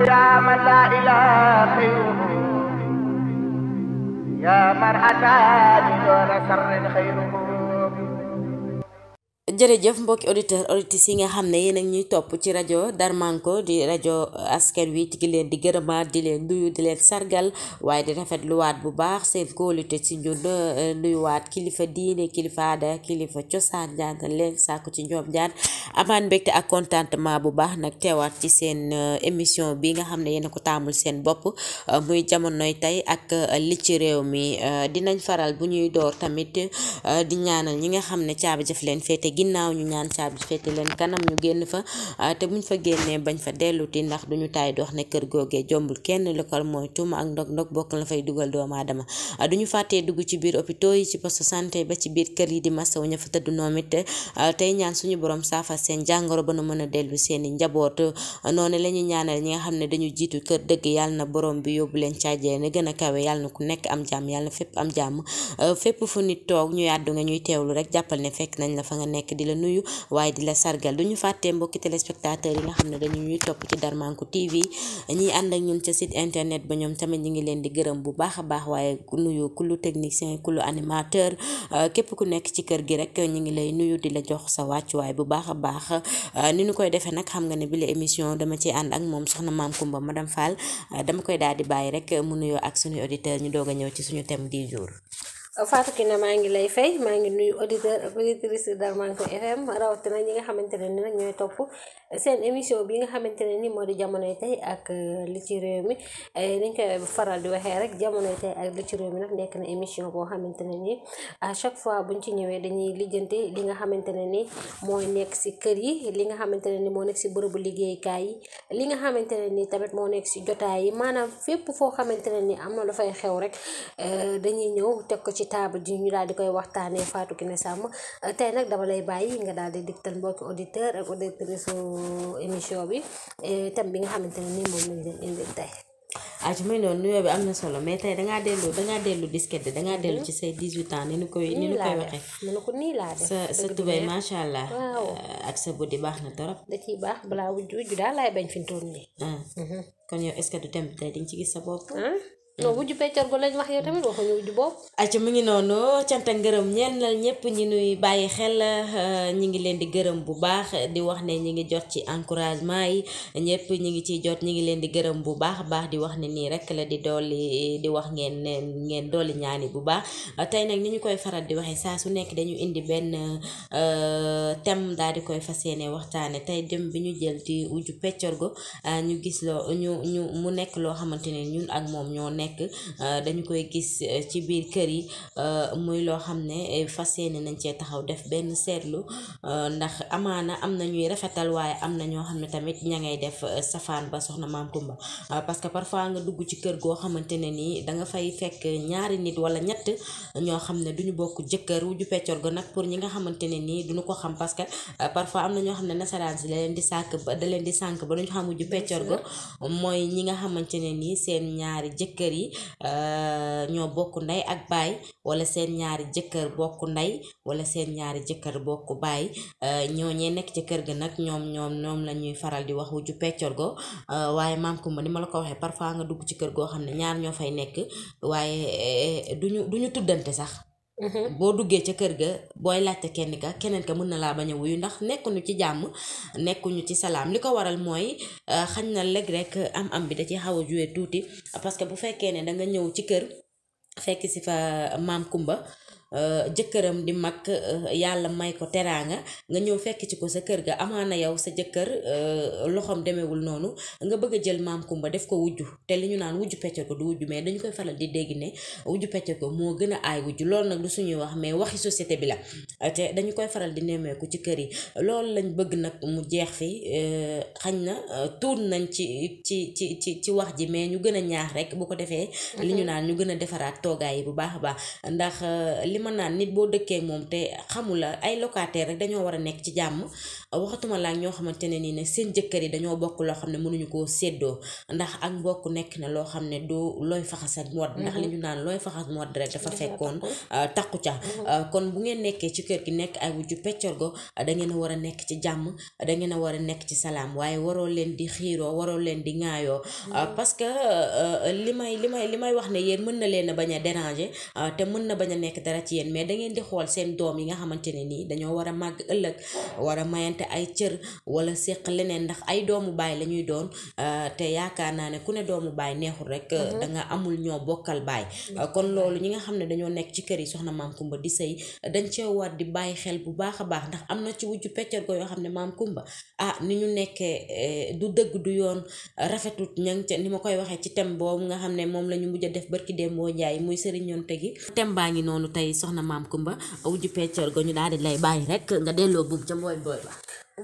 يا من لا إله خيره يا من أتاني دون سر خيره jërëjëf mbokki auditeur auditrices yi nga xam ne yéen ñuy topp ci rajo Darmanko di rajo askan wi ci leen di gërëmaat di leen nuyu di leen sargal waaye di rafet rafetluwaat bu baax seen kóolute ci ñun euh, nuyuwaat kilifa diine kilifa aada kilifa cosaan ñaanal leen sàkku ci ñoom ñaan amaan mbekk ak contentement bu baax nag teewaat ci seen euh, émission bi nga xam ne yéen a ko taamul seen bopp euh, muy jamonoy tey ak li ci réew mi dinañ faral bu ñuy door tamit di ñaanal ñi nga xam ne caabi jëf leen ginnaaw ñu ñaan caabi fete leen kanam ñu génn fa ah, te buñ fa génnee bañ fa delluti ndax duñu taay dox ne kër googee jombul kenn lokal mooy tuuma ak la fay dugal doomu aadama ah, duñu fàttee dugg ci biir hôpitaux yi ci poste santé ba ci biir kër yi di masawu ña fa tëdd noom it ah, tey ñaan suñu borom saafa seen jàngoro ba nu mën a dellu seen i njaboot noonu la ñu ñi nga xam ne dañu jiitu kër dëgg yàlla na borom bi yóbbu leen caajee ne gën a kawe yàlla na ku nekk am jàmm yàlla na am jàmm fépp fu nit toog ñu àddu nga ñuy teewlu rek jàppal ne fekk nañ la fa nga nekk di la nuyu waaye di la sargal ñu fàttee mbokki téléspectateurs yi nga xam ne dañu ñuy topp ci Darmanko TV ñiy ànd ak ñun ca site internet ba ñoom tamit ñu ngi leen di gërëm bu baax a baax waaye nuyu kulu technicien kulu animateur euh, képp ku nekk ci kër gi rek ñu ngi lay nuyu di la jox sa wàccuwaay bu baax a baax euh, ni ñu koy defee nag xam nga ne bi la émission dama ci ànd ak moom soxna maam Kumba madame Fall euh, dama koy daal di bàyyi rek mu nuyoo ak suñu auditeur ñu doog a ñëw ci suñu thème du jour Fatou na maa ngi lay fay maa ngi nuyu auditeur ak auditrice Darmanko FM rawatina ñi nga xamante ne ni nag ñooy topp seen émission bi nga xamante ne ni moo di jamonoy tey ak euh, li ci réew mi dañ eh, koy faral di waxee rek jamonoy ak li ci réew mi nag nekk na émission boo xamante ne ni à chaque fois buñ ci ñëwee dañuy lijjanti li nga xamante ne ni moo nekk si kër yi li nga xamante ne ni moo nekk si bërëbu liggéeykaay yi li nga xamante ne ni tamit moo nekk si jotaay yi maanaam fépp foo xamante ne ni am na lu fay xew rek eh, dañuy ñëw teg ko ci table ji ñu daal di koy waxtaanee ki ne Sam tey nag dama lay bàyyi nga daal di digtal mbokki auditeur ak émission bi eh, thème bi nga xamante ne nii moom lañ leen indil tey. Ah, am na solo mais tey dangaa dellu dangaa dellu disquette dangaa dellu ci say 18 ans ni nu ni koy waxee. mënu ko nii laa def sa sa macha allah. Eh, ak sa buddi baax na torop. da ciy baax balaa wujj wujj daal laay bañ fi mu toll nii. Ah. Mhm. kon yow est du thème bi tey ci gis sa bopp. Ah. non wujju peccoor gu lañ wax yow tamit waxuñu wujju boobu. ayca mu ngi noonu cant ak ngërëm ñeen la ñëpp ñi nuy bàyyi xel euh, ñi ngi leen di gërëm bu baax di wax ne ñi ngi jot ci encouragement yi ñëpp ñi ngi ciy jot ñi ngi leen di gërëm bu baax baax di wax ne nii rek la di dolli di wax ngeen ngeen dolli ñaani bu baax tey nag ni ñu koy faral di waxee saa su nekk dañu indi benn euh, thème daal di koy fas yéene waxtaane tey dem bi ñu jël ci wujju peccoor gu euh, ñu gis loo ñu ñu mu nekk loo xamante ne ñun ak moom ñoo nekk nekk euh, dañu koy gis euh, ci biir kër yi euh, muy loo xam ne fas yéene nañ cee taxaw def benn seetlu ndax amaana am na ñuy rafetal waaye am na ñoo xam ne tamit ña ngay def safaan ba soxna maam Kumba parce que parfois dugg ci kër goo xamante ne nii danga fay fekk ñaari nit wala ñett ñoo xam ne duñu bokk jëkkër wu ju peccor go nag pour ñi nga xamante ne nii duñu ko xam parce que parfois am na ñoo xam ne nasaraan si da di sànk ba da leen di sànk ba duñu xam wu ju peccor go mooy ñi nga xamante nii seen ñaari jëkkër yi yi euh, ñoo bokk ndey ak baay wala seen ñaari jëkkër bokk ndey wala seen ñaari jëkkër bokk baay euh, ñoo ñee nekk ci kër ga nag ñoom ñoom ñoom la ñuy faral di wax ju peccor go euh, waaye maam kumba ni ma la ko waxee parfois nga dugg ci kër goo xam ne ñaar ñoo fay nekk waaye duñu duñu tuddante sax Mm-hmm. boo duggee ca kër ga booy laajte kenn ka keneen ka mën na laa bañ a wuyu ndax nekkuñu ci jàmm nekkuñu ci salaam li ko waral mooy euh, xañ na léeg rek am-am bi da ci xaw a juwe tuuti parce que bu fekkee ne da nga ñëw ci kër fekk si fa maam Kumba Euh, jëkkëram di mag euh, yàlla may ko teraanga nga ñëw fekk ci ko sa kër ga amaana yow sa jëkkër euh, loxoom demewul noonu nga bëgg a jël maam kumba def ko wujju te li ñu naan wujju pecce ko du wujju mais dañu koy faral di dégg ne wujju pecce moo gën a aay wujju loolu nag du suñuy wax mais waxi société bi la te dañu koy faral di nemmeeku ci kër yi loolu lañ bëgg nag mu jeex fi xañ na tuut nañ ci ci ci ci ci wax ji mais ñu gën a ñaax rek bu ko defee li ñu mhm. naan ñu gën a defaraat toogaay yi bu baax a baax ndax li ma naan nit boo dëkkee moom te xamula ay locataire rek dañoo war a nekk ci jàmm waxatuma laa ñoo xamante ne nii ne seen jëkkër yi dañoo bokk loo xam ne mënuñu koo séddoo ndax ak mbokk nekk na loo xam ne doo looy faxas ak modd ndax li mhm. ñu naan looy faxas modd rek dafa fekkoon takku euh, ca mhm. euh, kon bu ngeen nekkee ci kër gi nekk ay wujju peccorgo da ngeen a war a nekk ci jàmm da ngeen a war a nekk ci salaam waaye waroo leen di xiiroo waroo leen di ŋaayoo euh, mhm. parce que li may li may li may wax ne yéen mën na leen a bañ a déranger te mën na bañ a nekk dara ci yéen mais da ngeen di xool seen doom yi nga xamante ne nii dañoo war a màgg ëllëg war a te ay cër wala seq leneen ndax ay doomu baay la ñuy doon euh, te yaakaar naa ne ku ne doomu baay neexul rek euh, mhm. danga amul ñoo bokkal baay mhm. kon loolu ñi nga xam ne dañoo nekk ci kër yi soxna maam kumba di sëy dañ cee di bàyyi xel bu baax a baax ndax am na ci wujju peccar ko yoo xam ne maam ah ni ñu nekkee euh, du dëgg du yoon rafetut ña ni ma koy waxee ci tem boobu nga xam ne moom la ñu mujj a def barki Dembo Njaay muy sëriñonte gi tem baa ngi noonu tey soxna maam kumba wujju peccar go ñu daal di lay bàyyi rek nga delloo buub ca mbooy mbooy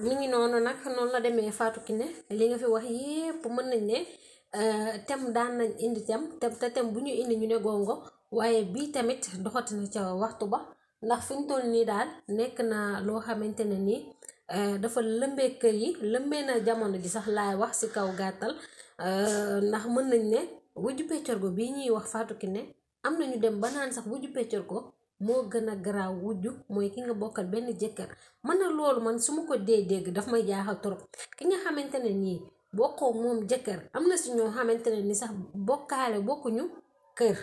ñi ngi noonu nag noonu la demee faatu ki ne li nga fi wax yépp mën nañ ne euh, tem daan nañ indi tem te te tem bu ñu indi ñu ne gongo waaye bii tamit doxati ca waxtu ba ndax fi ñu nii daal nekk naa loo xamante ne nii euh, dafa lëmbee kër yi lëmbee na jamono ji sax laay wax ci kaw gàttal euh, ndax mën nañ ne wujju peccorgo bii ñuy wax Fatou Kiné am na ñu dem ba naan sax wujju ko moo gën a garaaw wujju mooy ki nga bokkal benn jëkkër man na loolu man su ma ko dee dégg dafa may jaaxal trop ki nga xamante ne nii bokkoo moom jëkkër am na si ñoo xamante ne ni sax bokkaale bokkuñu kër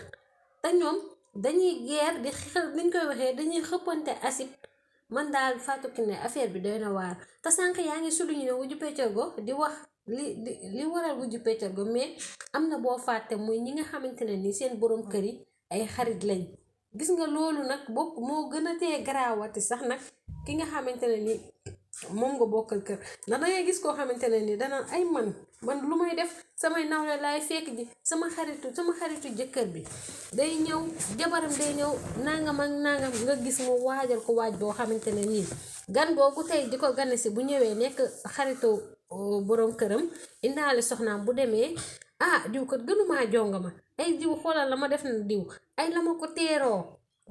te ñoom dañuy geer di xel niñ koy waxee dañuy xëppante asib man daal Fatou ne affaire bi doy na waar te sànq yaa ngi souligné ne wujju go di wax li li waral wujju peccorgo mais am na boo fàtte muy ñi nga xamante ne nii seen borom kër yi ay xarit lañ gis nga loolu nag bokk moo gën a tee garaawati sax nag ki nga xamante ne ni moom nga bokkal kër ndax dangay gis koo xamante ne nii danaan ay man man lu may def samay nawle laay fekk sama xaritu sama xaritu jëkkër bi day ñëw jabaram day ñëw nangam ak nangam nga gis mu waajal ko waaj boo xamante ne nii gan boo googu tey di ko gane si bu ñëwee nekk xaritu uh, borom këram indaale soxnaam bu demee ah diw kat gënumaa jonga ma ay diw xoolal la ma def na diw ay la ma ko teeroo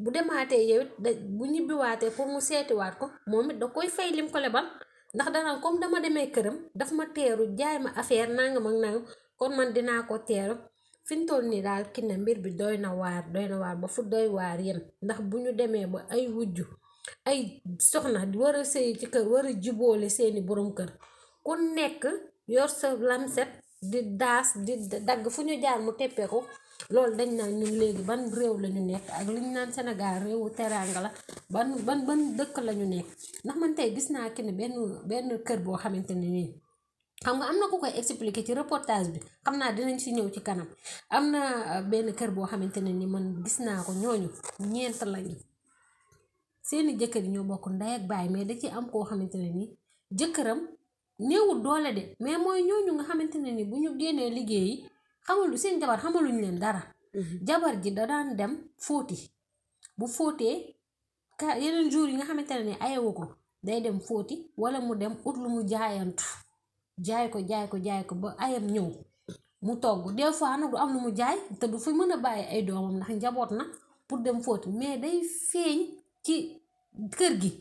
bu demaatee yow it da bu ñibbiwaatee pour mu seetiwaat ko moom it da koy fay lim ko lebal ndax dana comme dama demee këram daf ma teeru jaay ma affaire nangam ak nangam kon man dinaa ko teeru fi ñu toll nii daal ki ne mbir bi doy na waar doy na waar ba fu doy waar yem ndax bu ñu demee ba ay wujju ay soxna war a sëy ci kër war a juboole seeni borom kër ku nekk yor sa lamset di daas di dagg fu ñu jaar mu teppeeku loolu dañ naan ñun léegi ban réew lañu nekk ak liñ naan senegaal réewu teranga la ban ban ban dëkk lañu nekk ndax man tey gis naa ki ne benn benn kër boo xamante ne nii xam nga am na ku expliquer ci reportage bi xam naa dinañ si ñëw ci kanam am na euh, benn kër boo xamante ne ni man gis naa ko ñooñu ñeent lañu seeni jëkkër yi ñoo bokk ndey ak baay mais da ci am koo xamante ne ni jëkkëram néewut doole de mais mooy ñooñu nga xamante ne ni bu ñu génnee liggéeyi xamalu seen jabar ñu leen dara. Mhm. jabar ji da dem fóoti bu fóotee ka yeneen jour yi nga xamante ne ni ayewu ko day dem fóoti wala mu dem ut lu mu jaayantu jaay ko jaay ko jaay ko ba ayam ñëw mu togg des fois nag du am lu mu jaay te du fi mën a bàyyi ay doomam ndax njaboot na pour dem fóoti mais day feeñ ci kër gi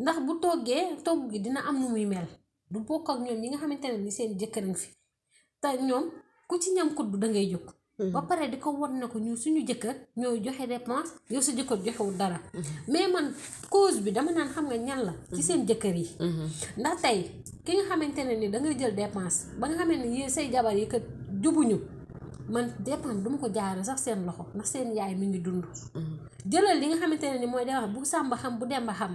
ndax bu toggee togg gi dina am nu muy mel. du bokk ak ñoom ñi nga xamante ne ni seen jëkkër ngi fi te ñoom ku ci ñam kuddu da ngay jóg. Mm-hmm. ba pare di ko won na ko ñu suñu jëkkër ñooy joxe dépense yow sa jëkkër joxewul dara. Mm-hmm. mais man cause bi dama naan xam nga ñan la. ci mm-hmm. seen jëkkër yi. ndax tey ki nga xamante ne ni da nga jël dépense ba nga xamante ni yéen say jabar yi kat jubuñu man dépense duma ko jaare sax seen loxo ndax seen yaay mi ngi dund. jëlal li nga xamante ne ni mooy dépense bu sàmba xam bu demba xam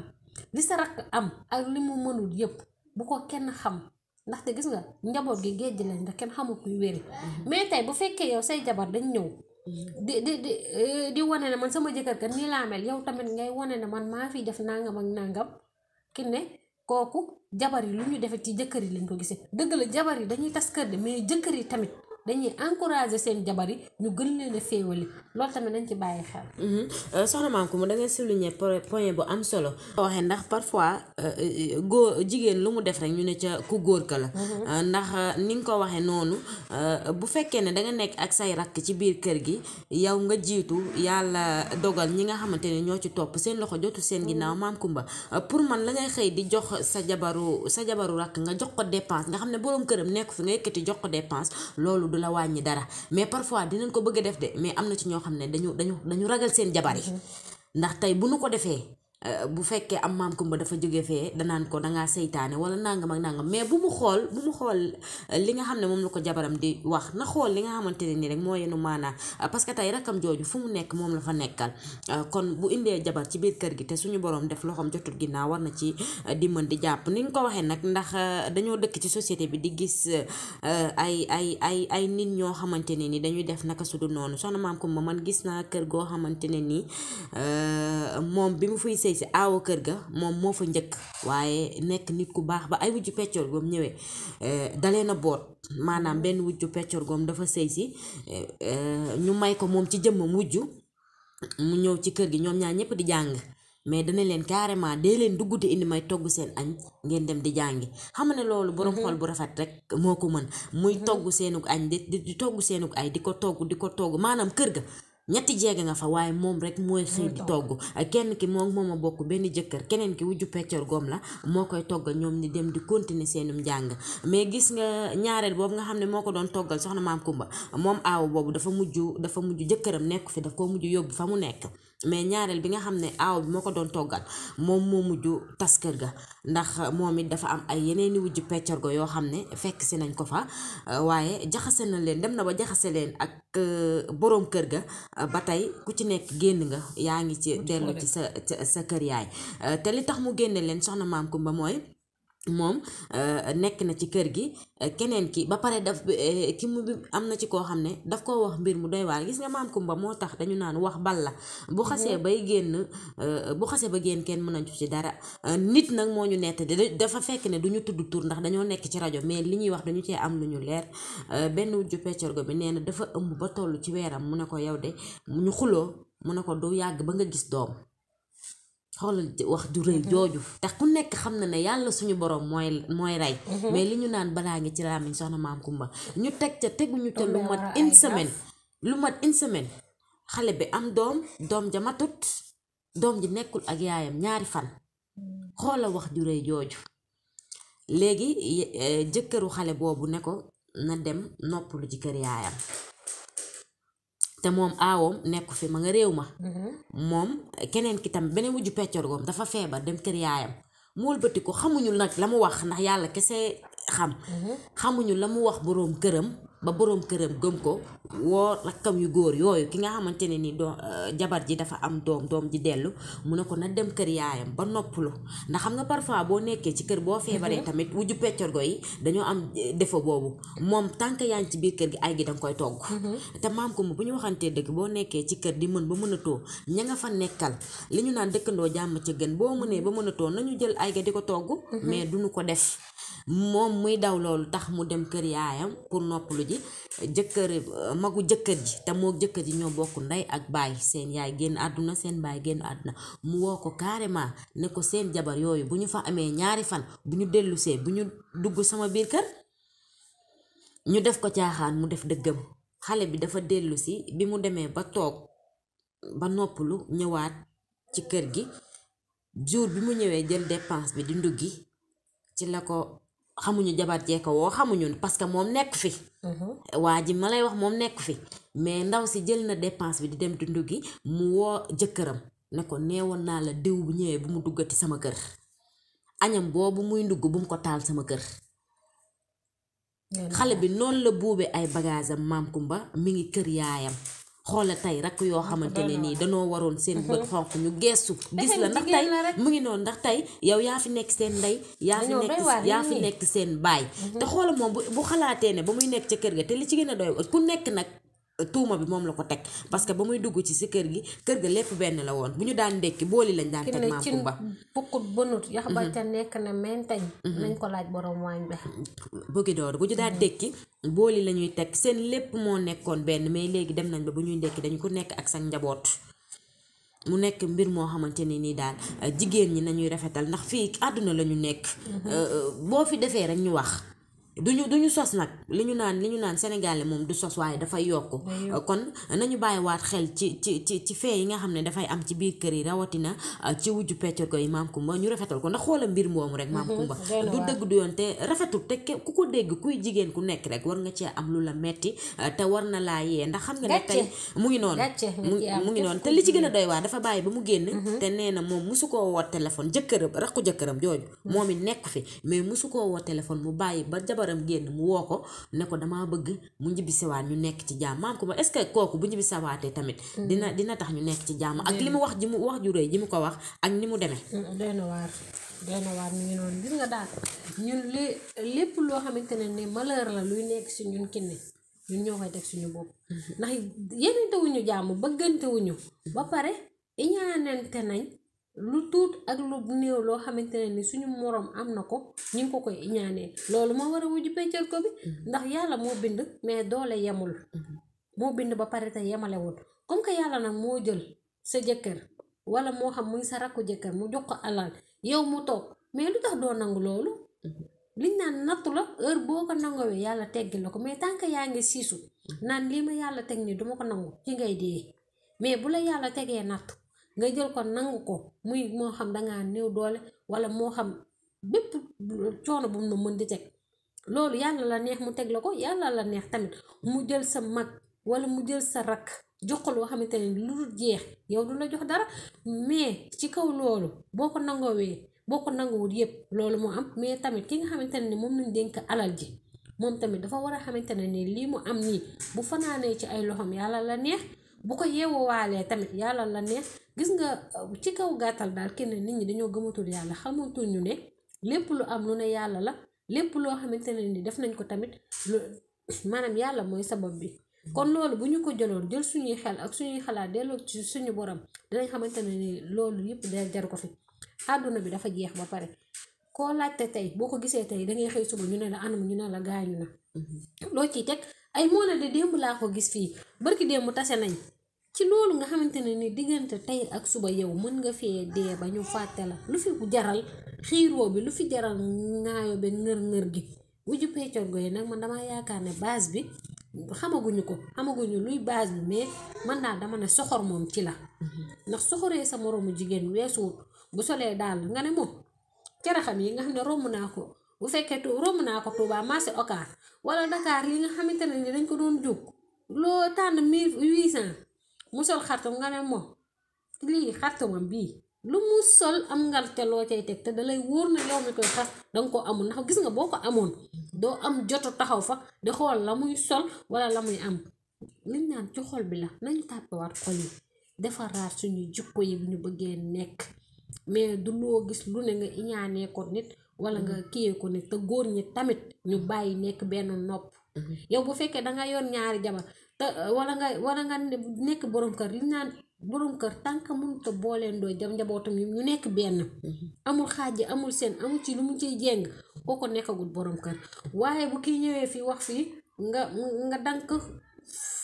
li sa am ak li mu mënul yëpp. bu ko kenn xam ndaxte gis nga njaboot gi géej lañ ndax kenn xamul kuy wéri mhm. mais tey bu fekkee yow say jabar dañ ñëw mhm. di di di eh, di wane ne man sama jëkkër kat nii laa mel yow tamit ngay wane na man maa fi def nangam ak nangam ki ne kooku jabar yi lu ñu defee ci jëkkër yi lañ ko gisee dëgg la jabar yi dañuy tas kër de mais jëkkër yi tamit dañuy encourager seen jabar yi ñu gën leen a féewali loolu tamit nañ ci bàyyi xel. Mhm. Euh, soxna Maam Coumba da ngay souligner point bu am solo. waxee ndax parfois euh, euh, góor jigéen lu mu def rek ñu ne ca ku góor ka la. Mhm. ndax ni nga ko waxee noonu bu fekkee ne da nga nekk ak say rakk ci biir kër gi yow nga jiitu yàlla dogal ñi nga xamante ne ñoo ci topp seen loxo jotu seen mhm. ginnaaw Maam Coumba pour man la ngay xëy di jox sa jabaru sa jabaru rakk nga jox ko dépense nga xam ne borom këram nekk fi nga yëkkati jox ko dépense loolu. du la wàññi dara mais parfois dinañ ko bëgg a def de mais am na ci ñoo xam ne dañu dañu dañu ragal seen jabar yi mm-hmm. ndax tey bu nu ko defee Euh, bu fekkee am maam kumba dafa jóge fee danaan ko dangaa seytaane wala nangam ak nangam mais bu mu xool bu mu xool euh, li nga xam ne moom la ko jabaram di wax na xool li nga xamante ne nii rek moo yenu maanaa euh, parce que tey rakam jooju fu mu nekk moom la fa nekkal kon bu indee jabar ci biir kër gi te suñu borom def loxoom jotul ginnaaw war na ci di mën di jàpp ni nga ko waxee nag ndax dañoo dëkk ci société bi di gis ay ay ay ay nit ñoo xamante ne ni dañuy def naka su dul noonu soxna maam kumba man gis naa kër goo xamante ne nii moom bi mu fuy sëy si aawu kër ga moom moo fa njëkk waaye nekk nit ku baax ba ay wujju peccoor goom ñëwee eh, dalee na boot maanaam benn wujju peccoor goom dafa sëy si eh, eh, ñu may ko moom ci jëmmam wujju mu ñëw ci kër gi ñoom ñaan ñëpp di jàng mais dana leen carrément dee leen dugg te indi may togg seen añ ngeen dem di jàngi xam ne loolu. borom mhm. xol bu rafet rek moo ko mën. muy mhm. togg seenug añ di di togg seenug ay di ko togg di ko togg maanaam kër ga. ñetti jeege nga fa waaye moom rek mooy xëy di togg kenn ki moom moom a bokk benn jëkkër keneen ki wujju peccor goom la moo koy toggal ñoom ni dem di continuer seenu njàng mais gis nga ñaareel boobu nga xam ne moo ko doon toggal soxna maam Kumba moom aaw boobu dafa mujj dafa mujj jëkkëram nekku fi daf koo mujj yóbbu fa mu nekk mais ñaareel bi nga xam ne aw bi moo ko doon toggal moom moo mujj tas kër ga ndax moom it dafa am ay yeneen i wujj peccorgo yoo xam ne fekk si nañ ko fa euh, waaye jaxase na leen dem na ba jaxase leen ak euh, boroom kër ga euh, ba tey ku ci nekk génn nga yaa ngi ci dellu ci sa sa kër yaay te li tax mu génne leen soxna maam Kumba mooy moom euh, nekk na ci kër gi euh, keneen ki ba pare daf euh, ki mu bi am na ci koo xam ne daf koo wax mbir mu doy waar gis nga maam Kumba moo tax dañu naan wax bal la bu xasee mhm. bay génn bu xasee ba génn kenn mën nañu ci dara nit nag moo ñu nett dafa fekk ne du tudd tur ndax nekk ci rajo mais li ñuy wax dañu cee am lu ñu leer benn wujju peccorgo bi nee na dafa ëmb ba toll ci weeram mu ne ko yow de ñu xuloo mu ne ko du yàgg ba nga gis doom xoolal wax ju rëy jooju te ku nekk xam na ne yàlla suñu borom mooy mooy rey mhm. mais li ñu naan balaa ngi ci làmmiñ soxna maam Kumba ñu teg ca teguñu ca lu mat une lu mat une semaine xale bi am doom doom ja matut doom ji nekkul ak yaayam ñaari fan xoolal wax ju jooju léegi eh, jëkkëru xale boobu ne ko na dem noppalu ci kër yaayam te moom aawoom nekku fi ma nga réew ma. Mm-hmm. moom keneen ki tam beneen wujju peccorgoom dafa feebar dem kër yaayam mool bëti ko xamuñu nag la mu wax ndax yàlla kese xam. Mm-hmm. xamuñu la mu wax boroom këram ba boroom këram gëm ko woo rakkam yu góor yooyu ki nga xamante ne ni doo euh, jabar ji dafa am doom doom ji dellu mu ne ko na dem kër yaayam ba noppalu ndax xam nga parfois boo nekkee ci kër boo feebaree mhm. tamit wujju peccorgo yi dañoo am euh, défaut moom tànk yaa ngi ci biir kër gi ay gi danga koy togg mhm. te maam ko bu ñu waxantee dëgg boo nekkee ci kër di mën ba mën a too ña nga fa nekkal li ñu naan dëkkandoo jàmm ci gën boo mënee ba mën a too nañu jël ay ga di ko togg mhm. mais duñu ko def moom muy daw loolu tax mu dem kër yaayam ji jëkkër magu jëkkër ji te moo jëkkër ji ñoo bokk ndey ak baay seen yaay génn àdduna seen baay génn àdduna mu woo ko carrément ne ko seen jabar yooyu bu ñu fa amee ñaari fan bu ñu dellusee bu ñu dugg sama biir kër ñu def ko caaxaan mu def dëggam xale bi dafa dellusi bi mu demee ba toog ba noppalu ñëwaat ci kër gi jour bi mu ñëwee jël depanse bi di nduggi ci la ko xamuñu jabar jee ko woo xamuñu parce que moom nekk fi. Mhm. waa ji ma lay wax moom nekk fi mais ndaw si jël na dépense bi di dem dundu nduggi mu woo jëkkëram ne ko neewoon naa la diw bu ñëwee bu mu duggati sama kër añam boobu muy ndugg bu mu ko taal sama kër. xale bi noonu la buubee ay bagaasam maam Kumba mi ngi kër yaayam. xoola tey rakk yoo xamante ne nii danoo waroon seen bët xonq ñu geestu gis la ndax tey mu ngi noonu ndax tey yow yaa fi nekk seen ndey yaa fi nekk yaa fi nekk seen baay mhm. te xoola moom bu xalaatee ne ba muy nekk ca kër ga te li ci gën a doy ku nekk nag tuuma bi moom la ko teg parce que ba muy dugg ci si kër gi kër ga lépp benn la woon bu ñu daan ndekki booli lañ daan teg maam Kumba bukkut bënut yax ba mhm. ca nekk na mentañ mhm. nañ ko laaj borom waañ bi bëggi door bu ñu daan mhm. ndekki booli la ñuy teg seen lépp moo nekkoon benn may léegi dem nañ ba bu ñuy ndekki dañu ko nekk ak sa njaboot mu nekk mbir moo xamante ni nii daal jigéen ñi nañuy rafetal ndax fii àdduna la ñu nekk euh, euh, boo fi defee rek ñu wax du duñu sos nag li ñu naan li ñu naan sénégalais moom du sos waaye dafay yokk euh, kon nañu bàyyiwaat xel ci ci ci ci fee yi nga xam ne dafay am ci biir kër yi rawatina euh, ci wujju peccor ko yi maam kumba ñu rafetal ko ndax xoola mbir moomu rek maam mhm, kumba du dëgg du yoon te rafetul ku ko dégg kuy jigéen ku nekk rek war nga cee am lu la metti euh, te war na laa yee ndax xam nga ne tey mu ngi noonu mu ngi noonu te li ci gën a doy waar dafa bàyyi ba mu génn mhm. te na moom musu koo woo téléphone jëkkëram rakku jëkkëram jooju mhm. moom it nekk fi mais musu koo woo téléphone mu bàyyi ba jabar jabaram génn mu woo ko ne ko damaa bëgg mu ñibbisiwaat ñu nekk ci jàmm maam ko ma est-ce que kooku bu ñibbisiwaatee tamit mm. dina dina tax ñu nekk ci jàmm ak li mu wax ji mu wax ju rëy ji mu ko wax ak ni mu demee mm, doy na waar doy na waar mi ngi noonu gis nga daal ñun lépp loo xamante ne ne malheur la luy nekk si ñun kinne ñun ñoo koy teg suñu bopp mm-hmm. ndax yenente wuñu jàmm bëggante wuñu ba pare iñaanante nañ lu tuut ak lu néew loo xamante ne ni suñu moroom am na ko ñu ngi ko koy ñaanee loolu moo war a wujju peccal ko bi mm-hmm. ndax yàlla moo bind mais doole yemul mm-hmm. moo bind ba pare te yemalewul comme que yàlla nag moo jël sa jëkkër wala moo xam muy sa rakku jëkkër mu jox ko alal yow mu toog mais lu tax doo nangu loolu mm-hmm. liñ naan nattu la heure boo ko nangawee yàlla teggi la ko mais tant que yaa ngi siisu naan lii ma yàlla teg ni duma ko nangu ci ngay dee mais bu la tegee nattu nga jël ko nangu ko muy moo xam dangaa néew doole wala moo xam bépp coono bu mu mën di teg loolu yàlla la neex mu teg la ko yàlla la neex tamit mu jël sa mag wala mu jël sa rakk jox ko loo xamante ne lu jeex yow du la jox dara mais ci kaw loolu boo ko nangoowee boo ko nanguwul yëpp loolu mu am mais tamit ki nga xamante ne moom lañ dénk alal ji moom tamit dafa war a xamante ne lii mu am nii bu fanaanee ci ay loxoom yàlla la neex. bu ko yeewuwaalee tamit yàlla la neex gis nga euh, ci kaw gàttal daal kenn nit ñi dañoo gëmatul yàlla xamatul ñu ne lépp lu am lu ne yàlla la lépp loo xamante ne ni def nañ ko tamit lu maanaam yàlla mooy sabab bi kon loolu bu ñu ko jëloon jël suñuy xel ak suñuy xalaat delloo ci suñu borom dinañ xamante ne ni loolu yëpp da jar ko fi àdduna bi dafa jeex ba pare koo laajte tey boo ko gisee tey dangay xëy suba ñu ne la anam ñu ne la gaañu na mm-hmm. loo ciy teg ay démb laa ko gis fii barki démb tase nañ ci loolu nga xamante ne ni diggante tey ak suba yow mën nga fee dee ba ñu fàtte la lu fi jaral xiiroo bi lu fi jaral ngaayo bi ngër-ngër gi wujju peccor yi nag man dama yaakaar ne base bi xamaguñu ko xamaguñu luy base bi mais man daal dama ne soxor moom ci la ndax soxoree sa moroomu jigéen weesuwut bu solee daal nga ne moom yi nga xam ne romb naa ko bu fekkee tu romb naa ko Touba marché Ocar wala Dakar yi nga xamante ne ni dañ ko doon jóg loo tànn mille huit mu sol xartam nga ne moom lii xartamam bii lu mu sol am ngarte loo cay teg te dalay wóor na yow mi koy xas danga ko amul ndax gis nga boo ko amoon doo am jotu taxaw fa di xool la muy sol wala la muy am liñ naan ci bi la nañu tàppewaat xol yi defaraat yi ñu bëggee nekk mais du gis lu ne nga ko nit wala nga kiyee ko nit te góor ñi tamit ñu bàyyi nekk benn nopp mm-hmm. yow bu fekkee danga yoon ñaari jabar Eh, wala nga wala nga nekk boroom kër li naan borom kër tànk mënut a booleen doo jam njabootam yi ñu nekk benn mhm. amul xaaji amul seen amul ci lu mu ciy jéng kooko nekkagul borom kër waaye bu kii ñëwee fii wax fii nga nga dank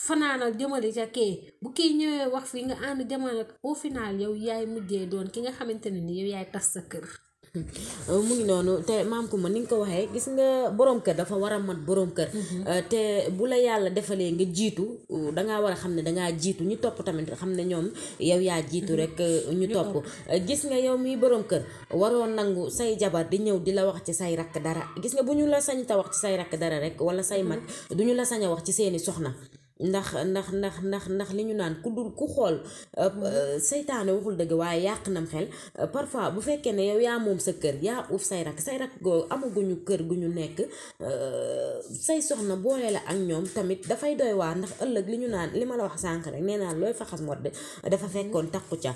fanaanal jëmale ca kee bu kii ñëwee wax fii nga ànd jamono au final yow yaay mujjee doon ki nga xamante ne ni yaay tas sa kër mu ngi noonu te maam ku ma ni nga ko waxee gis nga borom kër dafa war a mat boroom kër. Mhm. Euh, te bu la yàlla defalee nga jiitu dangaa war a xam ne dangaa jiitu ñu topp tamit xam ne ñoom yow yaa jiitu mhm. rek euh, ñu topp euh, gis nga yow mii borom kër waroon nangu say jabar di ñëw di la wax ci say rakk dara gis nga bu ñu la sañ ta wax ci say rakk dara rek wala say mag mhm. du ñu la sañ a wax ci seeni soxna. ndax ndax ndax ndax ndax li ñu naan ku dul ku xool euh, mm-hmm. euh, seytaane waxul dëgg waaye yàq nam xel euh, parfois bu fekkee ne yow yaa moom sa kër yaa uuf say rak say rak goo amaguñu kër gu ñu nekk say soxna boole la ak ñoom tamit dafay doy waar ndax ëllëg li ñu naan li ma la wax sànq rek nee naan looy faxas mot de dafa mm-hmm. fekkoon takku ca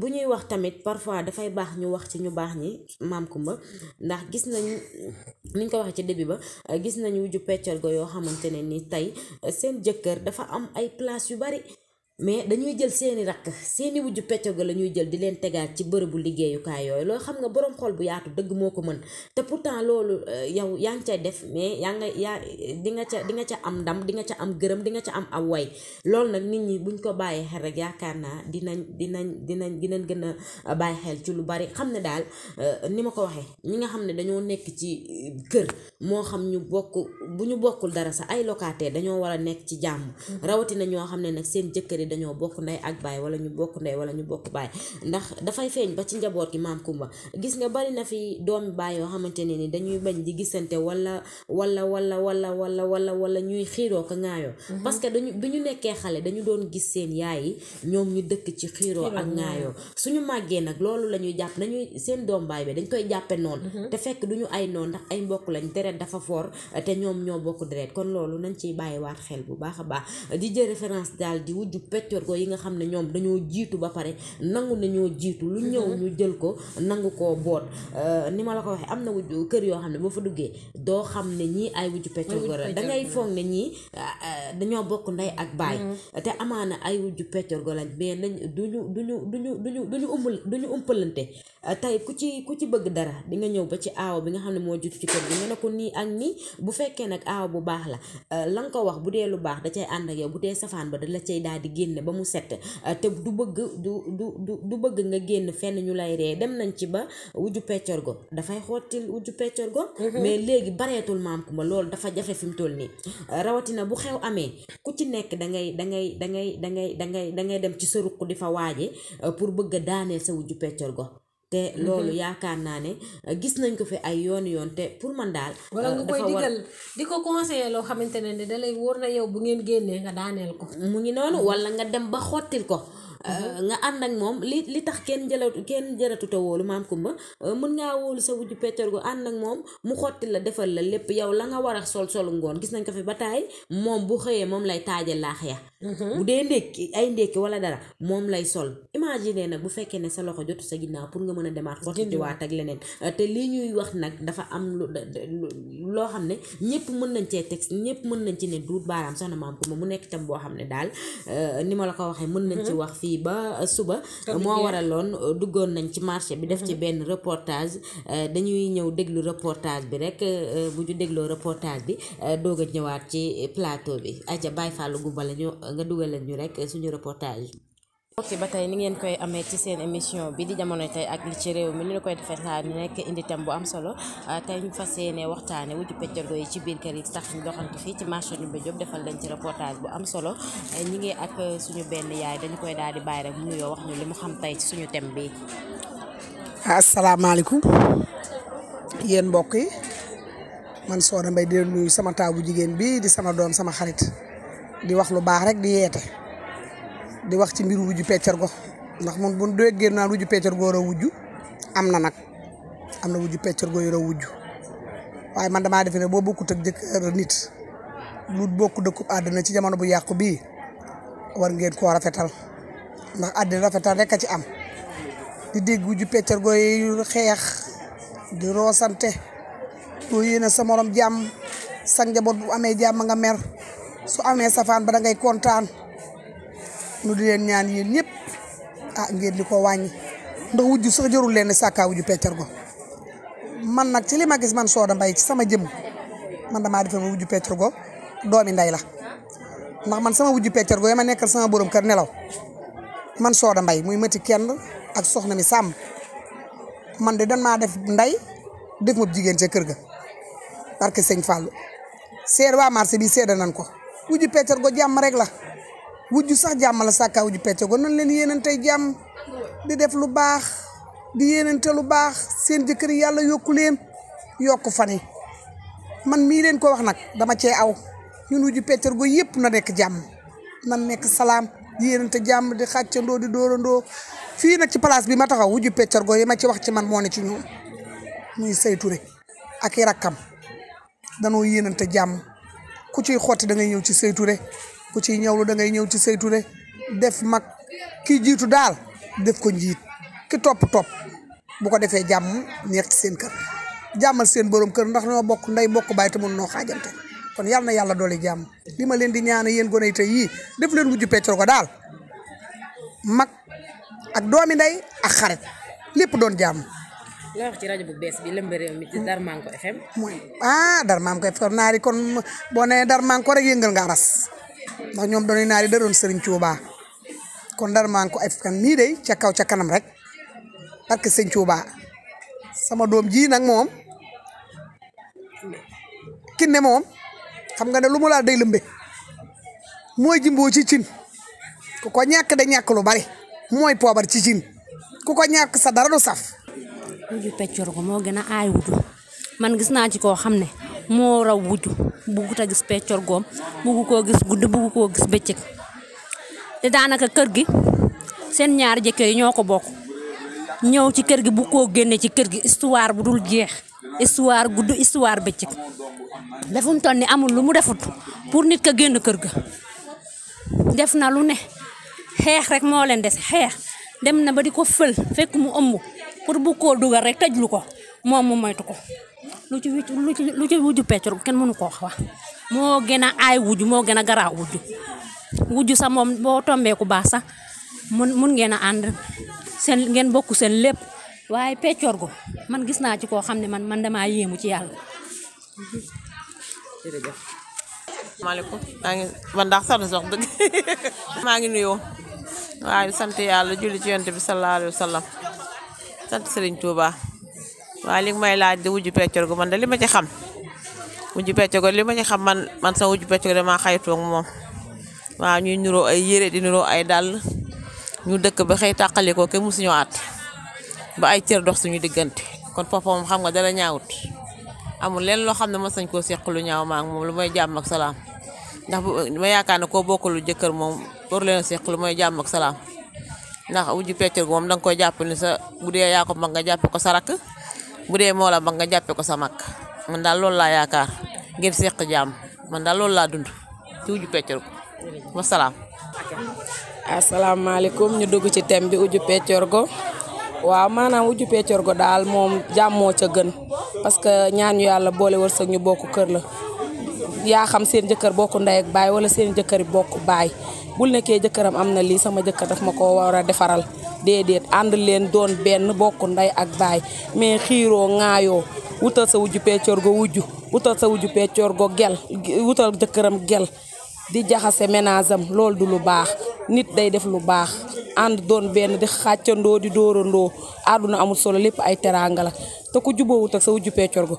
bu ñuy wax tamit parfois dafay baax ñu wax ci ñu baax ñi maam Kumba ndax gis nañu niñ ko waxee ci début ba gis nañu wujju peccal go yoo xamante ne ni tey seen jëkkër dafa am ay place yu bari mais dañuy jël seeni rakk seeni wujju peccogo la ñuy jël di leen tegaat ci bërëbu liggéeyukaay yooyu loolu xam nga boroom xol bu yaatu dëgg moo ko mën te pourtant loolu euh, yow yaa ngi cay def mais yaa nga yaa di nga ca di nga ca am ndam di nga ca am gërëm di nga ca am aw way loolu nag nit ñi buñ ko bàyyee xel rek yaakaar naa dinañ dinañ dinañ dinañ gën a bàyyi xel ci lu bari xam ne daal euh, ni ma ko waxee ñi nga xam ne dañoo nekk ci euh, kër moo xam ñu bokk bu ñu bokkul dara sa ay locataire dañoo war a nekk ci jàmm mm-hmm. rawatina ñoo xam ne nag seen jëkkër ni dañoo bokk ndey ak baay wala ñu bokk ndey wala ñu bokk baay ndax dafay feeñ ba ci njaboot gi maam Kumba gis nga bari na fi doomi baay yoo xamante ne ni dañuy bañ di gisante wala wala wala wala wala wala wala ñuy xiiroo ko ŋaayoo mhm. parce que dañu bi ñu nekkee xale dañu doon gis seen yaay yi ñoom ñu dëkk ci xiiroo ak ŋaayoo suñu màggee nag loolu la ñuy jàpp nañuy seen doom baay bi dañ koy jàppe noonu mhm. te fekk du ñu ay noonu ndax ay mbokk lañ deret dafa foor te ñoom ñoo bokk bàyyi waat xel bu baax di jël référence daal di wujju peccorgo yi nga xam ne ñoom dañoo jiitu ba pare nangu nañoo jiitu lu ñëw mhm. ñu jël ko nangu koo boot euh, ni ma la ko waxee am na wujju kër yoo xam ne boo fa duggee doo xam ne ñii ay wujju peccorgo la dangay foog ne ñii euh, euh, dañoo bokk ndey ak baay mhm. te amaana ay wujju peccorgo lañ mais nañ duñu duñu duñu duñu duñu du ñu umpalante Euh, tey ku ci ku ci bëgg dara di nga ñëw ba ci aaw bi nga xam ne moo jut ci kër gi nga ne ko nii ak nii bu fekkee nag aaw bu baax la euh, la nga ko wax bu dee lu baax da cay ànd ak yow bu dee safaan ba la cay daal di génne ba mu euh, te du bëgg du du du bëgg nga génn fenn ñu lay ree dem nañ ci ba wujju peccor go dafay xottil wujju peccor go mm-hmm. mais léegi bareetul maam ku ma loolu dafa jafe fi mu toll nii rawatina bu xew amee ku ci nekk da ngay da ngay dangay ngay da ngay da ngay da ngay dem ci sa ruq di fa waaje pour bëgg a daaneel sa wujju peccor te mhm. loolu yaakaar naa ne euh, gis nañ ko fi ay yoon yoon te pour man daal. wala euh, nga di ko conseiller loo xamante ne ni da lay wóor na yow bu ngeen génnee nga daaneel ko. mu ngi noonu mhm. wala nga dem ba xottil ko. Mhm. Euh, nga ànd ak moom li li tax kenn jëlatu kenn jëratuta wóolu maam kumba mën ngaa wóolu sa wujju peccoor gu ànd ak moom mu xotti la defal la lépp yow la nga war a sol solu ngoon gis nañ ko fi ba taay moom bu xëyee moom lay taaje laax ya Mm-hmm. bu dee ndékki ay ndékki wala dara moom lay sol imagine nag bu fekkee ne sa loxo jotu sa ginnaaw pour nga mën a demaat fortiwaat ak leneen euh, te lii ñuy wax nag dafa am lu loo xam ne ñëpp mën nañ cee teg ñëpp mën nañ ci ne duut baaraam soxna maam ko mu nekk tam boo xam ne daal euh, ni ma la ko waxee mën nañ ci mm-hmm. wax fii ba suba moo waraloon euh, duggoon nañ ci marché bi def ci mm-hmm. benn reportage dañuy ñëw déglu reportage bi rek bu ñu dégloo reportage bi doog a ñëwaat ci plateau bi aja nga dugalal ñu rek suñu reportage. mbokk ba tey ni ngeen koy amee ci seen émission bi di jamono tey ak li ci réew mi ni ñu koy defee saa ñu nekk indi tam bu am solo ah, tey ñu fas yéene waxtaane wujju peccorgo yi ci biir kër yi tax ñu doxantu fii ci marché Ndoumbé Diop defal leen ci reportage bu am solo ah, ñi ngi ak suñu benn yaay dañu koy daal di bàyyi rek mu nuyoo wax li mu xam tey ci suñu thème bi asalaamaaleykum yéen mbokk yi man Soxna Mbaye di leen nuyu sama taabu jigéen bi di sama doom sama xarit di wax lu baax rek di yeete di wax ci mbiru wujju peccer go ndax man bu déggee naa wujju peccar go war a wujju am na nag am na wujju peccar go yor a wujju waaye man damaa defe ne boo bokkut ak jëkkër nit lu bokk dëkkub àddina ci jamono bu yàqu bii war ngeen koo rafetal ndax àddina rafetal rek a ci am di dégg wujju peccar go yu xeex di roosante doo yéene sa morom jàmm sa bu amee jàmm nga mer su amee safaan ba da ngay kontaan nu di leen ñaan yéen ñëpp ah ngeen di ko wàññi ndax wujju sax jarul leen ne sàkkaa wujju peccar go man nag ci li ma gis man Soda mbay ci sama jëm man damaa defar ma wujju peccar go doomi nday la ndax man sama wujju peccar go yi ma nekkal sama borom kër nelaw man Soda mbay muy mati kenn ak soxna mi sàmm man de dan maa def nday def ma jigéen ca kër ga barke sëñ Fallou seer waa marché bi seede nan ko wujju peccar go jàmm rek la wujju sax jàmm la sàkkaa wujju peccar go nan leen yéenantey jàmm di def lu baax di yéenante lu baax seen jëkkër yàlla yokku leen yokku fan yi man mii leen ko wax nag dama cee aw ñun wujju peccar go yëpp na nekk jàmm na nekk salaam di yéenante jàmm di xàccandoo di doorandoo fii nag ci place bi ma taxaw wujju peccar go yi ma ci wax ci man moo ne ci ñu muy saytu rek ak i rakkam danoo yéenante jàmm ku ciy xotti da ngay ñëw ci Sey Touré ku ciy ñawlu da ngay ñëw ci Sey Touré def mag ki jiitu daal def ko njiit ki topp topp bu ko defee jàmm neex ci seen kër jàmmal seen borom kër ndax ñoo bokk nday bokk baay te mën noo xaajante kon yàlla na yàlla doole jàmm li ma leen di ñaane yéen gone tey yii def leen wujju peccor ko daal mag ak doomi nday ak xarit lépp doon jàmm la wax ci rajo bu bees bi lëmbe réew mi ci Darmanko FM. mooy ah Darmanko FM naari kon boo nee Darmanko rek yëngal nga aras ndax ñoom dañuy naari da doon Serigne Touba kon Darmanko FM nii de ca kaw ca kanam rek parce que Serigne Touba sama doom ji nag moom kinne moom xam nga ne lu mu laa day lëmbe mooy jimboo ci cin ku ko ñàkk da ñàkk lu bari mooy poobar ci cin ku ko ñàkk sa dara du saf. wuju peccor ko moo gën a aay wuju man gis naa ci koo xam ne moo raw wuju buggut a gis peccor goom buggu koo gis guddi buggu koo gis bëccëg te daanaka kër gi seen ñaari jëkkër yi ñoo ko bokk ñëw ci kër gi bu koo génne ci kër gi histoire bu dul jeex histoire gudd histoire ni amul lu mu defut pour nit ka génn kër ga def na lu ne xeex rek moo leen des xeex dem na ba di ko fël fekk mu ëmb pour bu koo dugal rek tëjlu ko moom mu moytu ko lu ci lu ci lu ci wujju peccor kenn mënu koo wax moo gën a aay wujju moo gën a garaaw wujju wujju sax moom boo tombee ku baax sax mun mun ngeen a ànd seen ngeen bokk seen lépp waaye peccoor gu man gis naa ci koo xam ne man man damaa yéemu ci yàlla. jërëjëf. maaleykum maa ngi man ndax sax wax dëgg maa waaye sant yàlla julli ci yonent bi sallallahu alayhi wa sallam sant Serigne Touba waaye li may laaj di wujju peccor gu man de li ma ci xam wujju peccor gu li ma ci xam man man sama wujju peccor damaa xaytoog moom waaw ñuy nuroo ay yére di niroo ay dàll ñu dëkk ba xëy tàqalikoo kenn musuñu at ba ay cër dox suñu diggante kon foofa moom xam nga dara ñaawut amul leen loo xam ne mos nañ koo seq lu ñaaw maa ak moom lu may jàmm ak salaam ndax ma yaakaar ne koo bokkul jëkkër moom pour leen seq lu may jàmm ak salaam ndax wujju peccur moom da nga koy jàpp ni sa bu yaako yaa ko nga jàppe ko sa rakk bu dee moo la mag nga jàppe ko sa mag man daal loolu laa yaakaar ngeen seq jàmm man daal loolu laa dund ci wujju peccur ko ñu dugg ci thème bi uju peccorgo waaw maanaam uju peccorgo daal moom jàmmoo ca gën parce que ñaan ñu yàlla boole wërsëg ñu bokk kër la yaa xam seen jëkkër bokk ndey ak baay wala seen jëkkër bokk baay bul nekkee jëkkëram am na lii sama jëkkër daf ma ko war a defaral déedéet ànd leen doon benn bokk nday ak baay mais xiiroo ŋaayoo wutal sa wujju peccoor go wujju wutal sa wujju peccoor go gel wutal jëkkëram gel di jaxase ménage am loolu du lu baax nit day def lu baax ànd doon benn di xàccandoo di doorandoo àdduna amul solo lépp ay teraanga la te ku jubóowut ak sa wujju peccoor go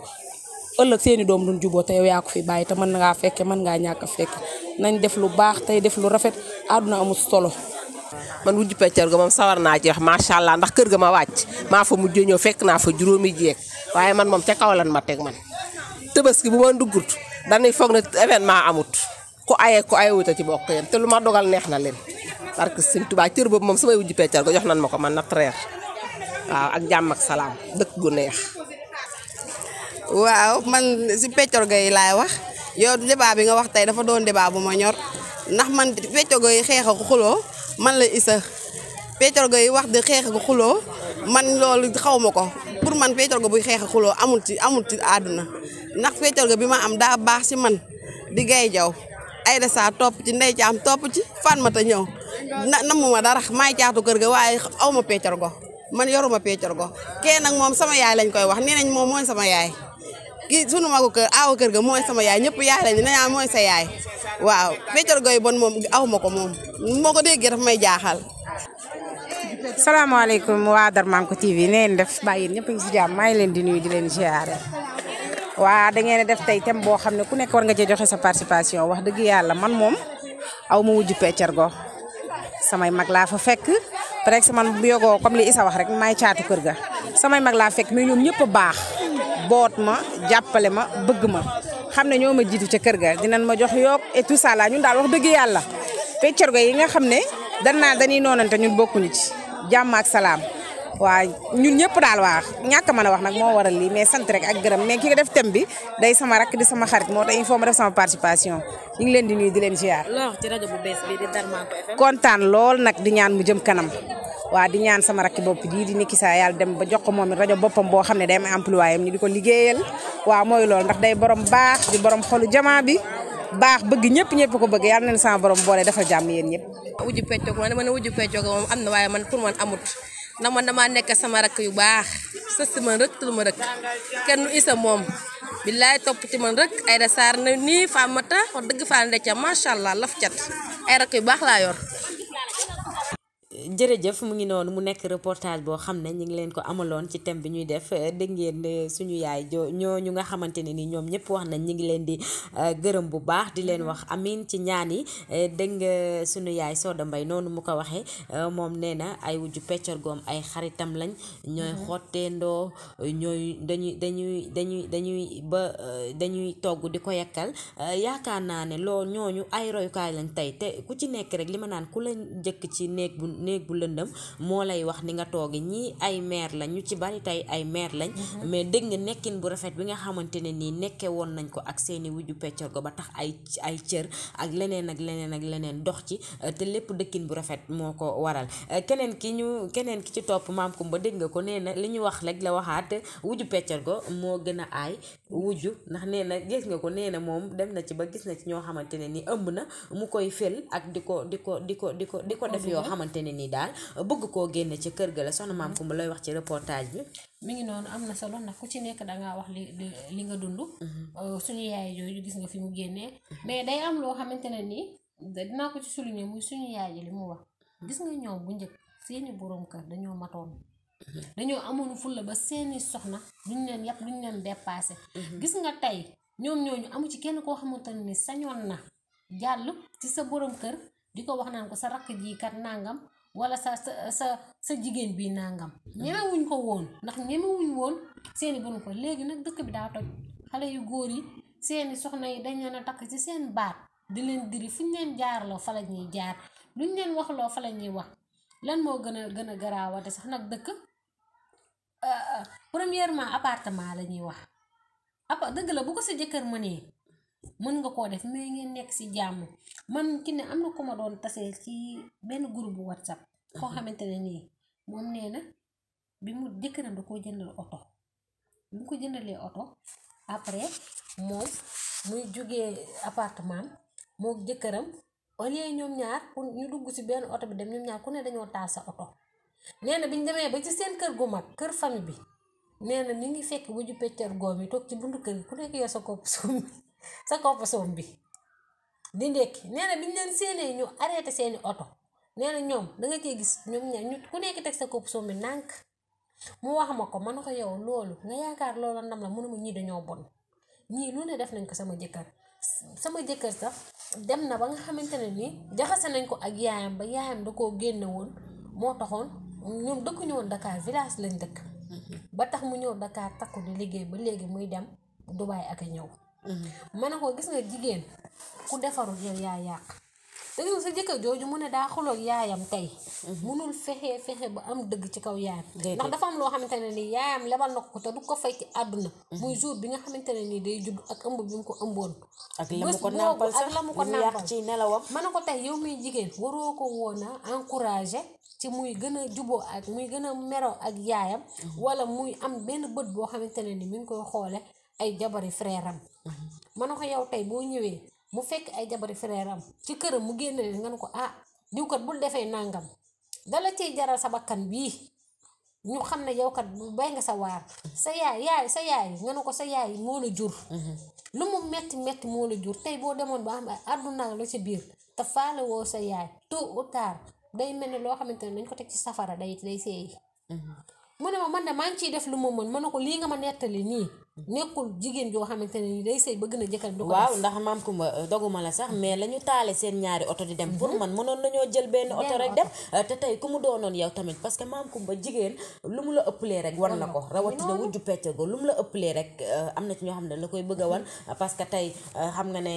ëllëg seen i doom duñ juboo te yow yaa fi bàyyi te mën ngaa fekke mën ngaa ñàkk a fekke nañ def lu baax tey def lu rafet àdduna amul solo. man wujju peccar ga moom sawar naa ci macha allah ndax kër ga ma wàcc maa fa mujj ñëw fekk naa fa juróomi jeeg waaye man moom ca kaw lan ma teg man Tabaski bu ma duggut dañuy foog ne événement amut ku ayee ku ayee wuute ci bokk yam te lu ma dogal neex na leen parce que Sëñ cër boobu moom samay wujju peccar ga jox nan ma ko man na traire waaw ak jàmm ak salaam dëkk gu neex. waaw man si go yi laay wax yow débat bi nga wax tey dafa doon débat bu ma ñor ndax man peccorgo yi xeex ak xuloo man la isa peccorgo yi wax di xeex xuloo man loolu xaw ma ko pour man peccorgo buy xeex ak xuloo amul ci amul ci àdduna ndax peccorgo bi ma am daa baax si man di gay jaw Aïda saa topp ci ndey caam topp ci fan Fatmata ñëw na namuma dara maay caatu kër ga waaye aw ma go man yoruma peccorgo kee nag moom sama yaay lañ koy wax nee nañ moom mooy sama yaay kii sunu magu kër aaw kër ga mooy sama yaay ñëpp yaay lañu ne yaa mooy sa yaay waaw feccal goy bon moom aw ma ko moom moo ko dee déggee daf may jaaxal. salaamaaleykum waa Darmanko TV neen def bàyyi ñëpp ngi si jàmm maa ngi leen di nuyu di leen ziare waa da ngeen def tey thème boo xam ne ku nekk war nga cee joxe sa participation wax dëgg yàlla man moom aw ma wujju peccar go samay mag laa fa fekk presque man bu yogoo comme li Issa wax rek maay caatu kër ga samay mag laa fekk mais ñoom ñëpp baax. boot ma jàppale ma bëgg ma xam ne ñoo ma jiitu ca kër ga dinañ ma jox yokk et tout ñun daal wax dëgg yàlla peccorgo yi nga xam ne dan naa dañuy noonante ñun bokkuñu ci jàmm ak salaam waa ñun ñëpp daal waa ñàkk mën a wax nag moo waral lii mais sant rek ak gërëm mais ki ko def thème bi day sama rakk di sama xarit moo tax il faut ma def sama leen di nuyu di leen ziar. loo wax ci rajo bu bees bi di lool nag di ñaan mu jëm kanam waa di ñaan sama rakk bopp jii di Niki Sa yàlla dem ba jox ko moom rajo boppam boo xam ne day am employé am ñu di ko liggéeyal waaw mooy loolu ndax day borom baax di borom xolu jamaa bi. baax bëgg ñëpp ñëpp ko bëgg yàlla na leen sama borom boole dafa jàmm yéen ñëpp. wujju peccoog am na waaye man pour ndax man damaa nekk sama rakk yu baax sës si man rëkk lu rëkk kenn isa moom billaay topp ci man rëkk ay da saar na nii faamata wax dëgg faa ne ca macha allah laf cat ay rakk yu baax laa yor. jërëjëf mu ngi noonu mu nekk reportage boo xam ne ñu ngi leen ko amaloon ci thème bi ñuy def eh, dégg ngeen eh, suñu yaay jo ñu nga xamante ne ni ñoom ñëpp wax nañ ñu ngi leen di eh, gërëm bu baax di leen wax amin ci ñaan yi dégg nga suñu yaay Soda Mbaye noonu mu ko waxee moom nee na ay wujju peccor goom ay xaritam lañ ñooy mm-hmm. xotteendoo ñooy dañuy dañuy dañuy dañuy ba dañuy togg di ko yakkal yaakaar naa ne loolu ñooñu ay royukaay lañ tey te ku ci nekk rek li ma naan ku la njëkk ci néeg néeg bu lëndëm moo lay wax ni nga tooge ñii ay maire lañ ñu ci bari tey ay maire lañ mm-hmm. mais dégg nga nekkin bu rafet bi nga xamante ne nii nekke woon nañ ko ak seeni wujju peccor ko ba tax ay ay cër ak leneen ak leneen ak leneen dox ci te lépp dëkkin bu rafet moo ko waral keneen ki ñu keneen ki ci topp maam ba dégg nga ko nee na li ñu wax rek la waxaat wujju peccar ko moo gën a aay wujju ndax nee na gis nga ko nee na moom dem na ci ba gis na ci ñoo xamante ne ni ëmb na mu koy fel ak di ko di ko di ko di mel ni daal bëgg koo génne ci kër ga la soxna maam Kumba looy wax ci reportage bi. mi ngi noonu am na solo ndax ci nekk dangaa wax li li nga dund. Mhm. Uh, suñu yaay jooju gis nga fi mu génnee. mais day am loo xamante ne nii dinaa ko ci souligner muy suñu yaay ji li mu wax. bu njëkk seeni boroom dañoo matoon. Mhm. dañoo amoon fulla ba seeni soxna duñ leen yàpp duñ leen dépassé. Mhm. gis nga tey ñoom ñooñu amu ci kenn koo xamante ne ni sañoon na jàll ci sa boroom kër di ko wax naan ko sa rakk ji kat nangam wala sa sa sa sa jigéen bi nangam ñemewuñ ko woon ndax ñemewuñ woon seeni bon ko léegi nag dëkk bi daa toj xale yu góor yi seeni soxna yi dañ leen a takk ci seen baat di leen diri fuñ leen jaarloo fa la ñuy jaar luñ leen waxloo fa la ñuy wax lan moo gën a gën a garaawate sax nag dëkk euh, euh, premièrement apartement la ñuy wax apa dëgg la bu ko sa jëkkër mënee mën nga koo def mais ngeen nekk si jàmm man ki ne am na ku ma doon tasee ci benn groupe bu whatsapp koo mhm. xamante ne nii moom nee na bi mu jëkkëram da koo jëndal oto bi mu ko jëndalee oto après moom muy jógee appartement moo jëkkëram au lieu ñoom ñaar ku ñu dugg si benn oto bi dem ñoom ñaar ku ne dañoo taal sa oto nee na bi ñu demee ba ci seen kër gu mag kër famille bi nee na ni ngi fekk bu ju peccar goom yi toog ci buntu kër gi ku nekk yor sa kopp suum sa kaw façon bi di ndekki nee bi biñ leen séenee ñu seeni oto nee na ñoom danga nga koy gis ñoom ña ñu ku nekk teg sa kaw façon bi nànk mu wax ma ko man ko yow loolu nga yaakaar loolu ndam la mënuma ñii dañoo bon ñii lu ne def nañ ko sama jëkkër sama jëkkër sax dem na ba nga xamante ne nii jaxase nañ ko ak yaayam ba yaayam da koo génne moo taxoon ñoom dëkkuñu woon ndakaar village lañ dëkk mm-hmm. ba tax mu ñëw Dakar takku di liggéey ba léegi muy dem Dubaay ak a ñëw ma ne ko gis nga jigéen ku defarul yow yaa yàq te gis nga sa jëkkër jooju mu ne daa xuloo yaayam tey mm-hmm. munul fexe fexe ba am dëgg ci kaw yaayam ndax dafa am loo xamante ne nii yaayam lebal na ko te du ko fay ci àdduna mm-hmm. muy jour bi nga xamante ne nii day judd ak ëmb bi mu ko ëmboon ak la mu ko nàmpal sax la mu ko nàmpal ci nelawam ma ne ko tey yow muy jigéen waroo ko woon a encouragé ci muy gën a juboo ak muy gën a meroo ak yaayam mm-hmm. wala muy am benn bët boo xamante ne ni mi ngi koy xoole ay jabari frère am ma mhm. ne ko yow tey boo ñëwee mu fekk ay jabari frère am ci këram mu génn leen nga ne ko ah diwkat bul defee nàngam dala ciy jaral sa bakkan bii ñu xam ne yow kat bay nga sa waar mhm. sa yaay yaay sa yaay nga ne ko sa yaay moo la jur mhm. lu mu metti metti moo la jur tey boo demoon ba am àdduna la ci biir te faale woo sa yaay tôt ou day mel ne loo xamante ne dañ ko teg ci safara day day seey mu ne ma man de maa ngi ciy def lu ma mën ma ne ko lii nga ma nettali nii nekkul jigéen joo xamante ne day sëy bëgg na jëkkër. waaw ndax maam Kumba euh, doguma la sax mais la ñu taale seen ñaari oto di dem. Mhm. pour man mënoon nañoo jël benn oto rek dem. Euh, te tey ku doonoon tamit parce que maam Kumba jigéen lu mu la ëpp lee rek. war na ko rawatina wujju pecc go lu mu la ëpp lee rek euh, am na ci ñoo xam ne la koy bëgg a wan. parce que tey xam nga ne